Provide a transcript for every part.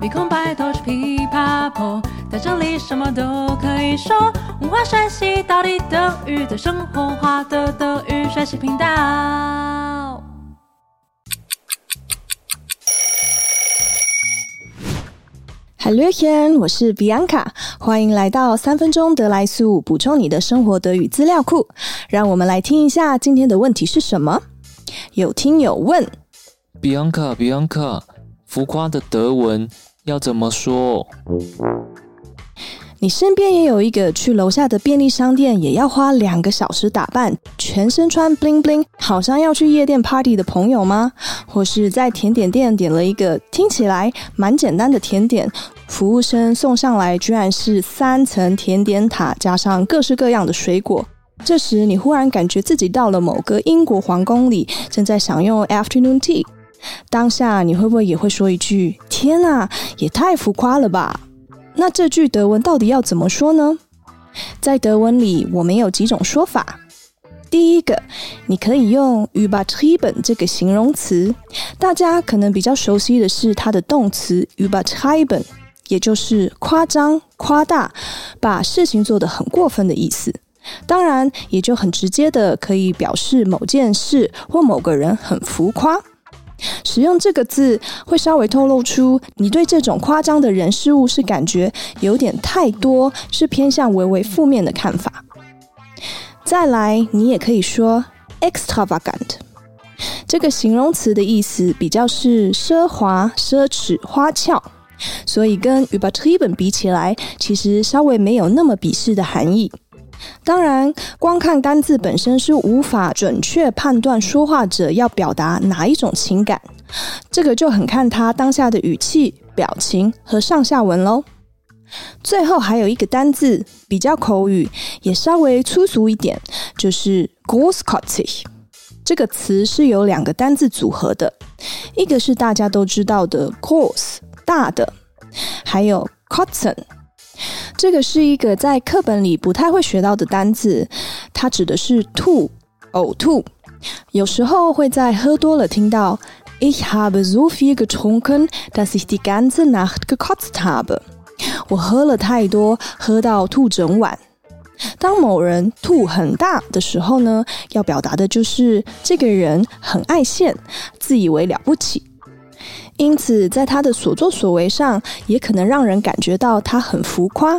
Hello, 呀！我是 Bianca，歡迎來到三分鐘德來速，補充你的生活德語資料庫。讓我們來聽一下今天的問題是什麼？有聽友問，Bianca，Bianca，浮誇的德文，要怎麼說？你身邊也有一個去樓下的便利商店也要花兩個小時打扮，全身穿 bling bling，好像要去夜店 party 的朋友嗎？或是在甜點店點了一個聽起來蠻簡單的甜點，服務生送上來居然是三層甜點塔，加上各式各樣的水果。這時你忽然感覺自己到了某個英國皇宮裡，正在享用 afternoon tea。當下你會不會也會說一句“天哪、啊，也太浮誇了吧”？那這句德文到底要怎麼說呢？在德文裡，我們有幾種說法。第一個，你可以用 übertrieben 這個形容詞。大家可能比較熟悉的是它的動詞 übertreiben，也就是誇張、誇大，把事情做得很過分的意思。當然，也就很直接的可以表示某件事或某個人很浮誇。使用這個字，會稍微透露出你對這種誇張的人事物是感覺有點太多，是偏向微微負面的看法。再來，你也可以說 extravagant 這個形容詞的意思比較是奢華、奢侈、花俏，所以跟 übertrieben 比起來，其實稍微沒有那麼鄙視的含義。當然，光看單字本身是無法準確判斷說話者要表達哪一種情感，這個就很看他當下的語氣、表情和上下文嘍。最後還有一個單字比較口語，也稍微粗俗一點，就是 “großkotzig” 這個詞是由兩個單字組合的，一個是大家都知道的 “groß” 大的，還有 “kotzen”。這個是一個在課本裡不太會學到的單詞，它指的是吐、嘔吐。有時候會在喝多了聽到，Ich habe so viel getrunken, dass ich die ganze Nacht gekotzt habe。我喝了太多，喝到吐整晚。當某人吐很大的時候呢，要表達的就是這個人很愛現，自以為了不起，因此在他的所作所為上，也可能讓人感覺到他很浮誇。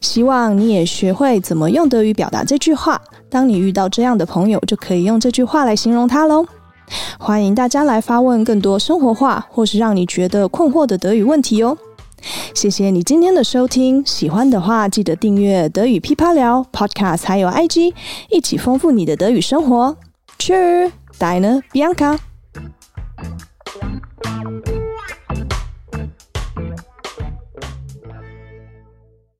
希望你也學會怎麼用德語表達這句話。當你遇到這樣的朋友，就可以用這句話來形容他嘍。歡迎大家來發問更多生活化或是讓你覺得困惑的德語問題哦。謝謝你今天的收聽，喜歡的話記得訂閱德語劈啪聊 Podcast，還有 IG，一起豐富你的德語生活。Cheer, Diana Bianca。